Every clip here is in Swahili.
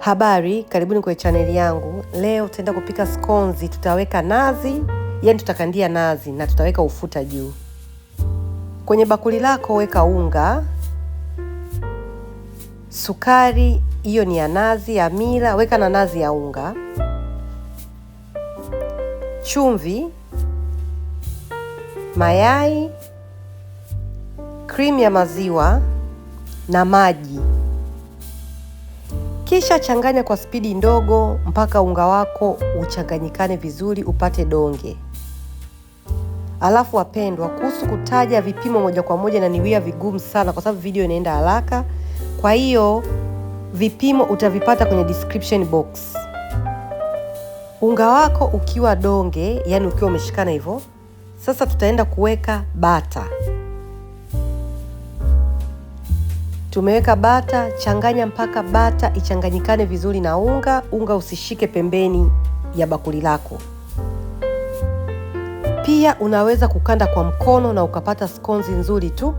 Habari, karibuni kwenye chaneli yangu. Leo tutaenda kupika skonzi, tutaweka nazi, yani tutakandia nazi na tutaweka ufuta juu. Kwenye bakuli lako weka unga, sukari, hiyo ni ya nazi ya mila, weka na nazi ya unga, chumvi, mayai, krimu ya maziwa na maji. Kisha changanya kwa spidi ndogo mpaka unga wako uchanganyikane vizuri upate donge. Alafu wapendwa, kuhusu kutaja vipimo moja kwa moja inaniwia vigumu sana, kwa sababu video inaenda haraka. Kwa hiyo vipimo utavipata kwenye description box. Unga wako ukiwa donge, yani ukiwa umeshikana hivyo, sasa tutaenda kuweka bata. Tumeweka bata, changanya mpaka bata ichanganyikane vizuri na unga, unga usishike pembeni ya bakuli lako. Pia unaweza kukanda kwa mkono na ukapata skonzi nzuri tu.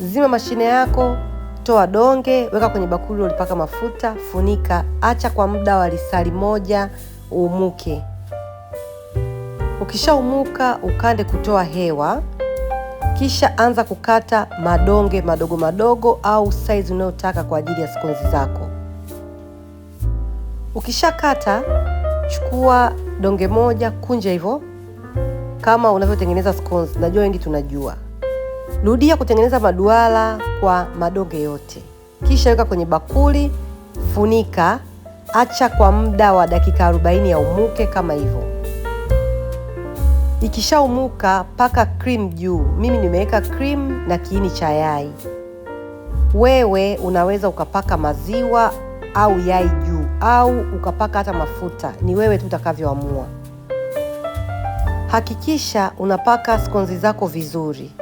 Zima mashine yako, toa donge, weka kwenye bakuli ulipaka mafuta, funika, acha kwa muda wa lisali moja uumuke. Ukishaumuka ukande kutoa hewa kisha anza kukata madonge madogo madogo au saizi unayotaka kwa ajili ya skonzi zako. Ukishakata, chukua donge moja, kunja hivyo kama unavyotengeneza skonzi. Najua wengi tunajua. Rudia kutengeneza maduara kwa madonge yote, kisha weka kwenye bakuli, funika, acha kwa muda wa dakika 40 ya umuke kama hivyo. Ikishaumuka paka cream juu. Mimi nimeweka cream na kiini cha yai. Wewe unaweza ukapaka maziwa au yai juu, au ukapaka hata mafuta, ni wewe tu utakavyoamua. Hakikisha unapaka skonzi zako vizuri.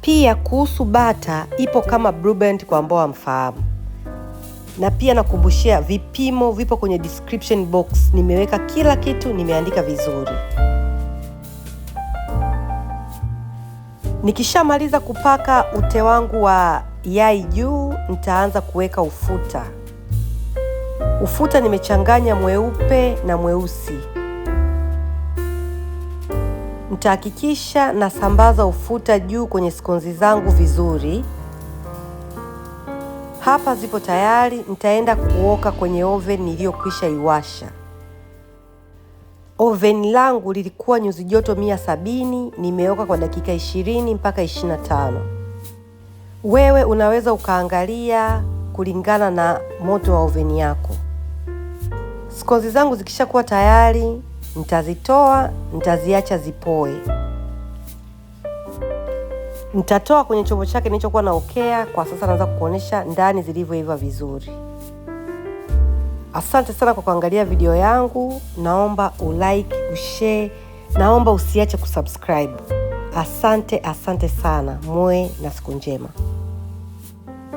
Pia kuhusu bata, ipo kama Blueband kwa ambao wamfahamu na pia nakumbushia vipimo vipo kwenye description box, nimeweka kila kitu, nimeandika vizuri. Nikishamaliza kupaka ute wangu wa yai juu, nitaanza kuweka ufuta. Ufuta nimechanganya mweupe na mweusi. Nitahakikisha nasambaza ufuta juu kwenye skonzi zangu vizuri. Hapa zipo tayari, nitaenda kuoka kwenye oven iliyokwisha iwasha. Oveni langu lilikuwa nyuzi joto mia sabini, nimeoka kwa dakika ishirini mpaka ishirini tano. Wewe unaweza ukaangalia kulingana na moto wa oveni yako. Skonzi zangu zikishakuwa tayari, nitazitoa nitaziacha zipoe. Nitatoa kwenye chombo chake nilichokuwa naokea. Kwa sasa naanza kukuonyesha ndani zilivyoiva vizuri. Asante sana kwa kuangalia video yangu, naomba ulike, ushare, naomba usiache kusubscribe. Asante, asante sana. mwe na siku njema.